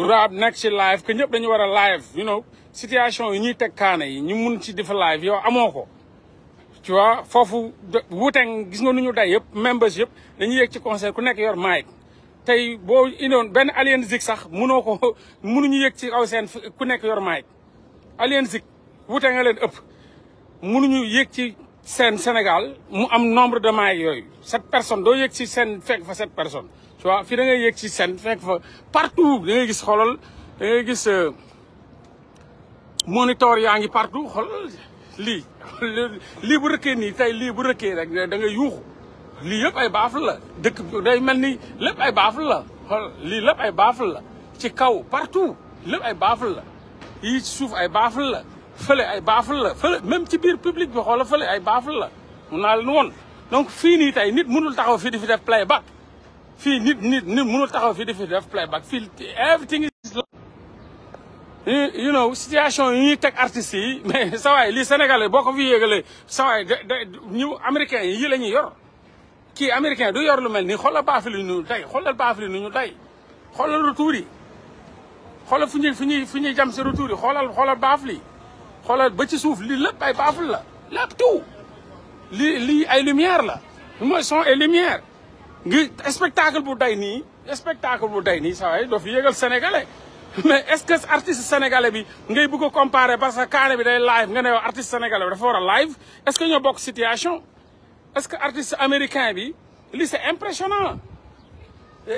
rap nekk ci live que ñëpp dañu war a live you know situation yi ñuy teg kaana yi ñu mun ci difa live yow amoo ko tu vois foofu wuuteeg gis nga nu ñu day yëpp members yëpp dañu yëg ci concert ku nekk yor mic tey boo indoon benn Alien sax mënoo ko mënuñu yëg ci aw seen ku nekk yor mic Alien Zik wuute nga leen ëpp mënuñu yëg ci seen Sénégal mu am nombre de mic yooyu sept personnes doo yëg ci seen fekk fa sept personnes tu vois fii da ci sen fekk fa partout da ngay gis xoolal da ngay gis euh, monitor yaa ngi partout xoolal lii lii bu rëkkee nii tey lii bu rëkkee rek da ngay yuuxu lii yëpp ay baafal la dëkk day mel ni lépp ay baafal la xool lii lépp ay baafal la ci kaw partout lépp ay baafal la yi suuf ay baafal la fële ay baafal la fële même ci biir public bi xoolal fële ay baafal la mun naa leen woon donc fii nii tey nit mënul taxaw fii di fi def play back fii nit nit nit mënul taxaw fii dafii def playback fii everything is you situation yi ñuy teg artistes yi mais sawaay lii sénégalais boo ko fi yéegalee sawaay da da ñu américains yi la ñuy yor kii américain du yor lu mel nii xoolal baafili ñu day xoolal baafili ñu day xoolal retour yi xoolal fu ñuy fu ñuy fu ñuy jam si retour yi xoolal xoolal baafli xoolal ba ci suuf lii lépp ay baaful la lépp tout lii lii ay lumière la mooy son et lumière ngi spectacle bu day nii spectacle bu day nii saa yi doo fi yëgal sénégalais mais est-ce que artiste sénégalais bi ngay bugga a comparer parce que Kaane bi day live nga ne yow artiste sénégalais bi dafa war a live est que ñoo bokk situation est que artiste américain bi li c'est impressionnant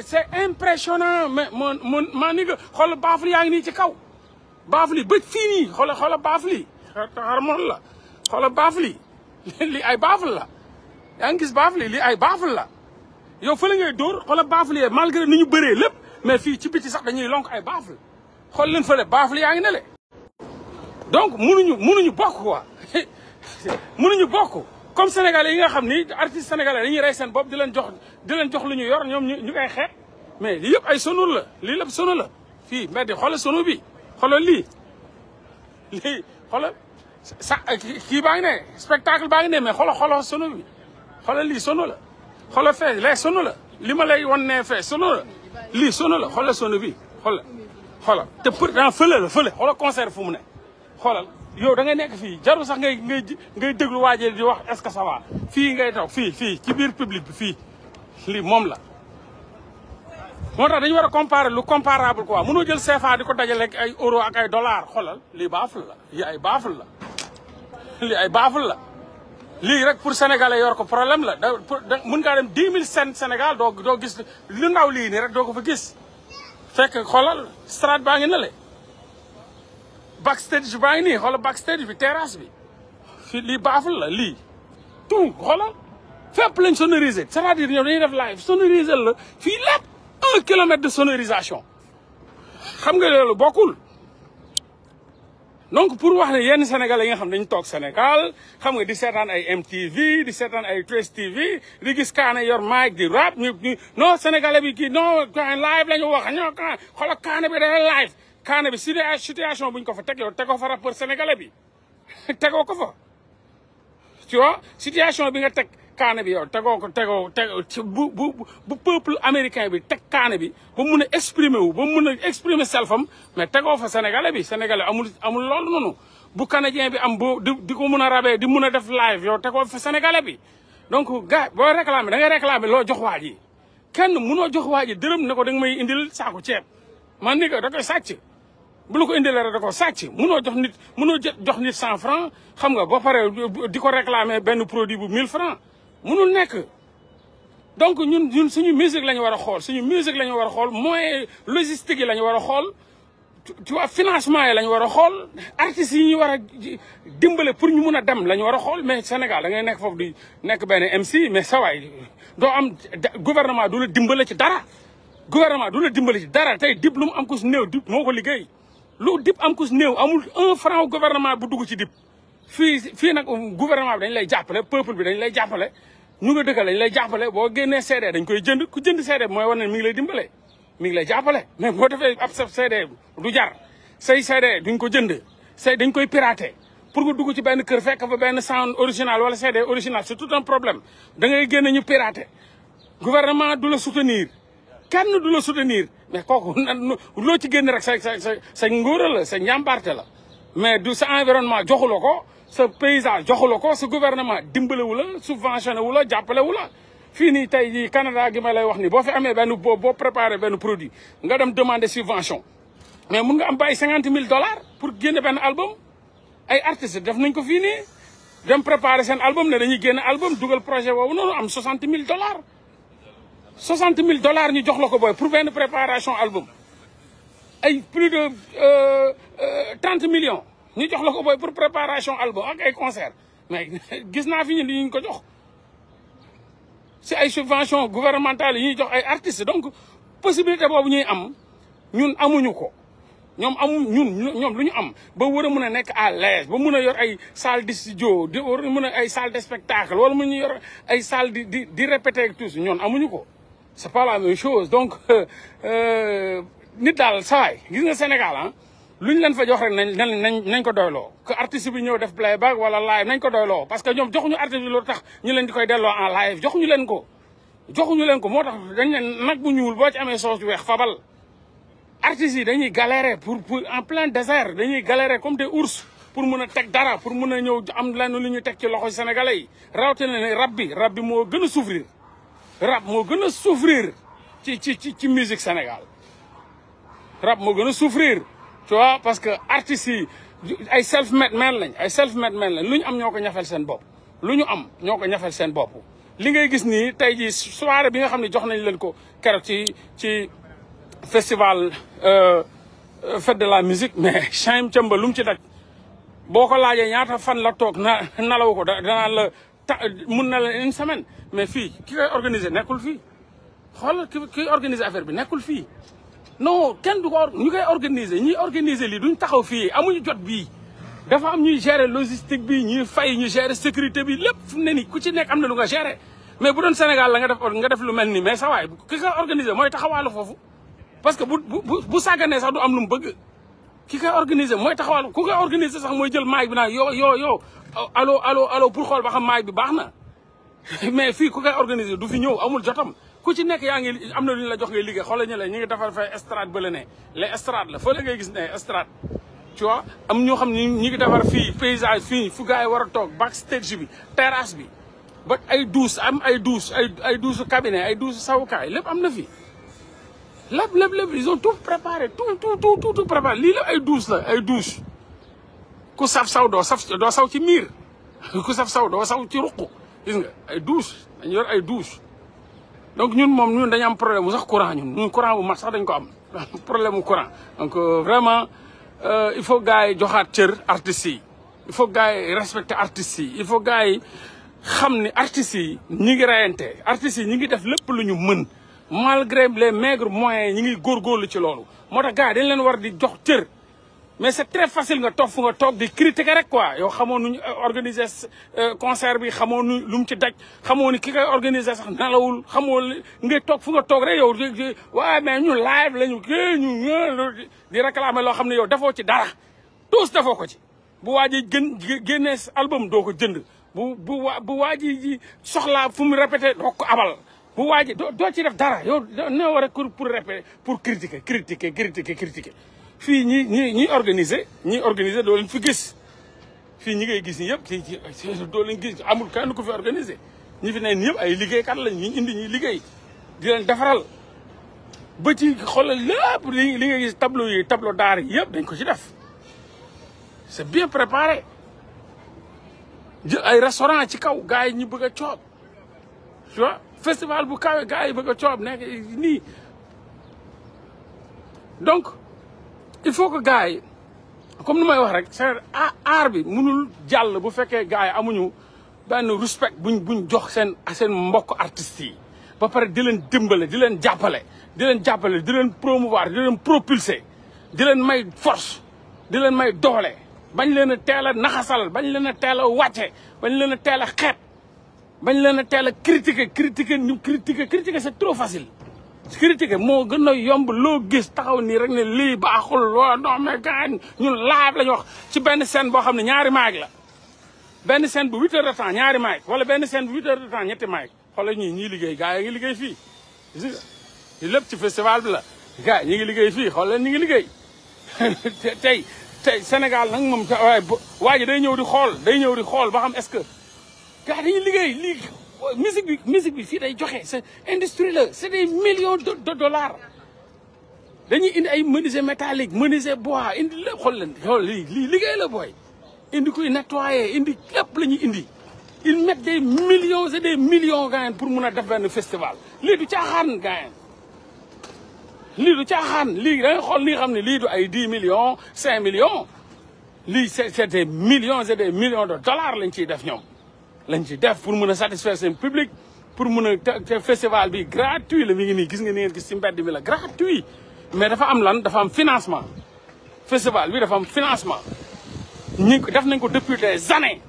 c'est impressionnant mais mon mon maa ni nga xool baaful yaa ngi nii ci kaw baaful yi bëj fii nii xool xool baaful yi xarmoon la xool baaful li li ay baaful la yaa ngi gis baaful li ay baaful la yow fële ngay dóor xoolal baafle yee malgré ni ñu bëree lépp mais fii ci biti sax dañuy lonk ay baafle xool leen fële baafle yaa ngi ne le donc munuñu munuñu bokk quoi munuñu bokk comme sénégalais yi nga xam ni artiste sénégalais ñu rey seen bopp di leen jox di leen jox lu ñu yor ñoom ñu ñu koy xeet mais lii yëpp ay sonor la lii lépp sono la fii mbedd xoolal sono bi xoolal lii lii xoolal sa kii baa ngi ne spectacle baa ngi ne mais xoolal xoolal sono bi xoolal lii sono la xoola fee lee sono la li ma lay wan nee fee sonu la lii sonu la xoola sonu bi xoola xoola te pourtant fële la fële xoola concert fu mu ne xoolal yow da ngay nekk fii jarul sax ngay ngay ngay déglu waajee di wax est-ce que ça va fii ngay taw fii fii ci biir public bi fii lii moom la moo tax dañu war a comparer lu comparable quoi mënoo jël CFA di ko dajale ak ay euro ak ay dollar xoolal lii baaful la lii ay baaful la lii ay baaful la lii rek pour sénégalais yor ko problème la da mën ngaa dem 10 000 sen Sénégal doo doo gis lu ndaw lii nii rek doo ko fa gis fekk xoolal strade baa ngi na le backstage baa ngi nii xoolal backstage bi terrasse bi fii lii baaful la lii tout xoolal fépp lañ sonorisé c'est-à-dire ñoom dañuy def live sonorisé la fii lépp un kilomètre de sonorisation xam nga loolu bokkul donc pour wax ne yenn sénégalais yi nga xam dañu toog Sénégal xam nga di seetaan ay MTV di seetaan ay Trace TV di gis yor mic di rap ñu ñu non sénégalais bi kii non live la ñu wax a Kaane xoolal kaana bi day live Kaane bi situation bu ñu ko fa teg yow tegoo fa rappeur sénégalais bi tegoo ko fa. tu vois situation bi nga teg kaane bi yow tegoo te bu bu bu peuple américain bi teg kaani bi ba mun a exprimer wu ba mun a exprimer selfam mais tegoo fa sénégalais bi sénégalais amul amul loolu bu canadien bi am boo di ko mun a rabee di mun a def live yow tegoo fa sénégalais bi donc gars boo réclamé da ngay réclamé loo jox waa ji kenn munoo jox waa ji dërëm ne ko da may indil saako ceeb man ni ko da koy sàcc bu la ko indilee rek da ko sàcc munoo jox nit munoo jox nit cent franc xam nga boo paree di ko réclamer benn produit bu mille franc munu nekk. donc ñun ñun suñu musique la ñu war a xool suñu musique la ñu a xool moyen logistique yi la ñu war a xool tu vois financement yi la ñu war a xool artistes yi ñu war a dimbale pour ñu mun a dem lañu ñu war a xool mais Sénégal da ngay nekk foofu di nekk benn MC mais sa doo am gouvernement du la dimbale ci dara. gouvernement du la dimbale ci dara tey dib lu mu am ko si moo ko liggéey. lu dip am kus néew amul un franc bu dugg ci dip fii fii nag gouvernement bi dañ lay jàppale peuple bi dañ lay jàppale ñu nga dëkkal dañ lay jàppale boo génnee CD dañ koy jënd ku jënd CD mooy wane ne mi ngi lay dimbale mi ngi lay jàppale mais boo defee ab sa CD du jar say du duñ ko jënd say dañ koy piraté pour nga dugg ci benn kër fekk fa benn sound original wala CD original c'est tout un problème da ngay génne ñu piraté gouvernement du la soutenir kenn du la soutenir mais kooku loo ci génn rek sa sa sa sa ngóora la sa njàmbaarte la mais du sa environnement joxu ko sa paysage joxu la ko sa gouvernement dimbalewu la subventionné wu la jàppalewu la fii nii tey jii Canada gi ma lay wax ni boo fi amee benn boo boo préparé benn produit nga dem demander subvention mais mun nga am bàyyi cinquante mille dollars pour génne benn album ay artistes def nañ ko fii nii dem préparé seen album ne dañuy génne album dugal projet boobu noonu am soixante mille dollars soixante mille dollars ñu jox la ko booy pour benn préparation album ay plus de euh, euh, trente millions ñu jox la ko pour préparation album ak ay concert mais gis naa fi ñu li ñu ko jox si ay subvention gouvernementale yi ñuy jox ay artistes donc possibilité boobu ñuy am ñun amuñu ko ñoom amu ñun ñoom lu ñu am ba war a mun a nekk à l'aise ba mun a yor ay salle de studio di war a mën a ay salle de spectacle wala mën ñu yor ay salle di di di répéter tous amuñu ko c'est pas la même chose donc euh, nit daal saay gis nga Sénégal ah ñu leen fa jox rek nañ nañ nañ ko doyloo que artiste bi ñëw def playback wala live nañ ko doyloo parce que ñoom joxuñu artiste bi loolu tax ñu leen di koy delloo en live joxuñu leen ko joxuñu leen ko moo tax dañ ne nag bu ñuul boo ci amee soos bu weex fabal artistes yi dañuy galérer pour pour en plein désert dañuy galérer comme des ours pour mun a teg dara pour mën a ñëw am lenn lu ñu teg ci loxo sénégalais yi rawatina rab bi rab bi moo gën a souffrir rab moo gën a souffrir ci ci ci ci musique Sénégal rab moo gën a souffrir tu parce que artistes ay self made man lañ ay self made man lañ lu ñu am ñoo ko ñafel seen bopp lu ñu am ñoo ko ñafel seen boppu li ngay gis nii tey jii soirée bi nga xam ne jox nañ leen ko keroog ci ci festival euh, fête de la musique mais Chaim Thiamba ci daj boo ko laajee ñaata fan la toog na nalaw ko danaan la ta mun na la une semaine mais fii ki koy organiser nekkul fii xoolal ki ki organiser affaire bi nekkul fii non kenn du ko ñu koy organiser ñuy organiser lii duñ taxaw fii amuñu jot bii dafa am ñuy gérer logistique bi ñuy fay ñu gere sécurité bi lépp fu mu ne ni ku ci nekk am na lu nga gérer mais bu doon Sénégal la nga def nga def lu mel ni mais sa waay ki koy organiser mooy taxawaalu foofu parce que bu bu bu sàgganee sax du am lu mu bëgg ki koy organiser mooy taxawal ku koy organiser sax mooy jël maay bi naan yoo yoo yoo allo allo allo pour xool ba xam maay bi baax na mais fii ku koy organiser du fi ñëw amul jotam ku ci nekk yaa ngi am na lu ñu la jox ngay liggéey xoolal ñu la ñu ngi defar fay estrade ba ne le estrade la fële ngay gis ne estrade tu am ñoo xam ne ñu ngi defar fii paysage fii fu gars yi war a toog backstage bi terrasse bi ba ay douche am ay douche ay ay douche cabinet ay douche sawukaay lépp am na fi lépp lépp lépp ils ont tout préparé lii la ay douche la ay douche ku saf saw doo saf doo saw ci miir ku saf saw doo saw ci ruq gis ay douche dañu ay douche donc ñun moom ñun dañu am problème mu sax courant ñun ñun courant bu mat sax dañ ko am problème mu courant donc euh, vraiment euh, il faut gars joxaat cër artistes yi il faut gars yi respecter artistes yi il faut gars yi xam ni artistes yi ñi ngi rayante yi ñi ngi def lépp lu ñu mën malgré les maigres moyens ñi ngi góorgóorlu ci loolu moo tax gars yi dañ leen war di jox cër mais c'est très facile nga toog fu nga toog di critiquer rek quoi yow xamoon nuñ euh, organiser euh, concert bi xamoo nu lu mu ci daj xamoo ni ki koy organiser sax nalawul xamoo nga toog fu nga toog rek yow waaye mais ñu live la ñu kii ñu di réclamer loo xam ne yow defoo ci dara tous dafoo ko ci bu waa ji gën génnee album doo ko jënd bu bu bu waa ji soxlaa fu mu répété doo ko abal bu waaji doo ci def dara yow ne war a pour pour pour critiquer critiquer critiquer critiquer fii ñi ñi ñi organiser ñi organiser doo leen fi gis fii ñi ngay gis ñi yëpp ci doo leen gis amul kenn ku fi organiser ñi fi ne ñëpp ay liggéeykat lañ ñu indi ñuy liggéey di leen defaral ba ci xoolal lépp li li nga gis tableau yi tableau d'art yi yëpp dañ ko ci def c'est bien préparé jël ay restaurant ci kaw gars yi ñu bëgg a festival bu kawe gars yi bëgg a coob nekk nii donc il faut que gars yi comme nu may wax rek c'est aar bi mënul jàll bu fekkee gars yi amuñu benn respect buñ buñ jox seen seen mbokk artistes yi ba pare di leen dimbale di leen jàppale di leen jàppale di leen promouvoir di leen propulser di leen may force di leen may doole bañ leen a teel a naxasal bañ leen a teel a wàcce bañ leen a teel a xeet bañ leen a teel a critiquer critiquer ñu critiquer critiquer c'est trop facile. critiquer moo gën a yomb loo gis taxaw nii rek ne lii baaxul waa non mais gaañ ñu laaj la ñu wax ci benn scène boo xam ne ñaari maag la. benn scène bu huit heures de ñaari maag wala benn scène bu huit heures de temps ñetti maag xoolal ñii ñii liggéey gars yi liggéey fii. li lépp ci festival bi la gars yi ñu ngi liggéey fii xoolal ñu ngi liggéey tey tey Sénégal nag moom waaye waa ji day ñëw di xool day ñëw di xool ba xam est-ce que. gars dañuy liggéey lii musique bi musique bi fii day joxe c'est industrie la c'est des millions de dollars dañuy indi ay menuisier métallique menuisier bois indi lépp xool leen xool lii lii liggéey la booy indi kuy nettoyer indi lépp la ñuy indi ils mettent des millions et des millions gars pour mun a def benn festival lii du caaxaan gars lii du caaxaan lii da nga xool lii xam ne lii du ay dix millions cinq millions lii c'est des millions et des millions de dollars lañ ciy def ñoom lañ ci def pour mun a satisfaire seen public pour mun a festival bi gratuit la mi ngi nii gis nga ni ngeen gis ci mbedd mi la gratuit mais dafa am lan dafa am financement festival bi dafa am financement ñi def nañ ko depuis des années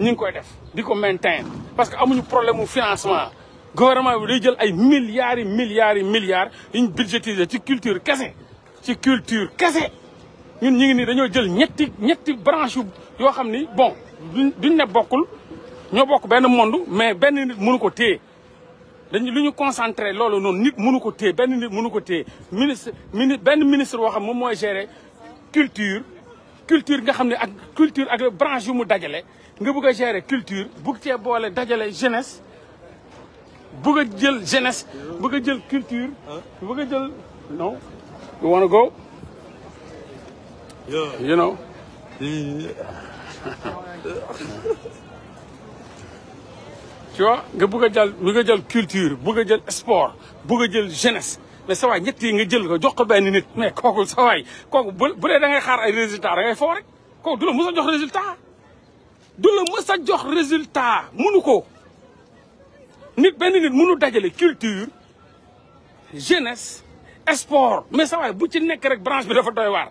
ñu ngi koy def di ko maintain parce que amuñu problème mu financement gouvernement bi day jël ay milliards yi milliards yi milliards yuñ budgétiser ci culture kese ci culture kese ñun ñu ngi nii dañoo jël ñetti ñetti branche yoo xam ni bon duñ ne bokkul ñoo bokk benn mond mais benn nit mënu ko téye dañu lu ñu concentré loolu noonu nit mënu ko téye benn nit mënu ko téye ministre mini benn ministre boo xam moom mooy gérer culture. culture nga xam ne ak culture ak branche yu mu dajale nga bëgg a gérer culture bugg cee boole dajale jeunesse bëgg a jël jeunesse bëgg a jël culture. bëgg a jël non. you wanna tu nga bëgg a jël bëgg a jël culture bëgg a jël sport bëgg a jël jeunesse mais sa waay nga jël nga jox ko benn nit mais kooku sa kooku bu bu dee da ngay xaar ay résultat da ngay foo rek kooku du la mës a jox résultat du la mës a jox résultat munu ko nit benn nit munu dajale culture jeunesse sport mais sa bu ci nekk rek branche bi dafa doy waar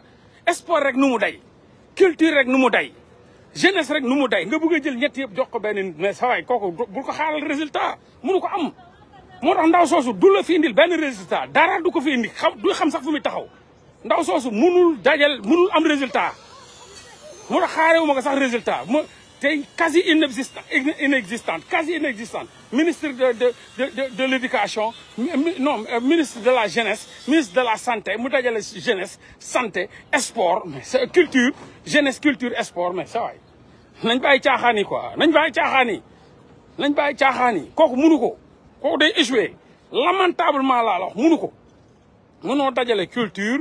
sport rek nu mu day culture rek nu mu day jeunesse rek nu mu day nga bëgg a jël ñett yëpp jox ko benn nit mais sa waay kooku bul ko xaaral résultat munu ko am moo tax ndaw soosu du la fi indil benn résultat dara du ko fi indi xam du xam sax fu muy taxaw ndaw soosu mënul dajal mënul am résultat moo tax xaare ma ko sax résultat tey quasi inexistant inexistante quasi inexistante ministre de de de de l'éducation non euh, ministre de la jeunesse ministre de la santé mu dajale jeunesse santé sport mais culture jeunesse culture sport mais sa waay nañ bàyyi caaxaan yi quoi nañ bàyyi caaxaan yi kooku munu ko kooku day échoué lamentablement laa la wax munu ko mënoo dajale culture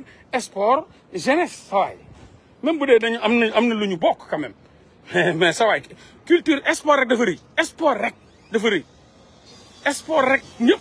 sport jeunesse sa waay même bu dee dañu am na am na lu ñu bokk quand même mais mais culture sport rek dafa rëy sport rek rek ñëpp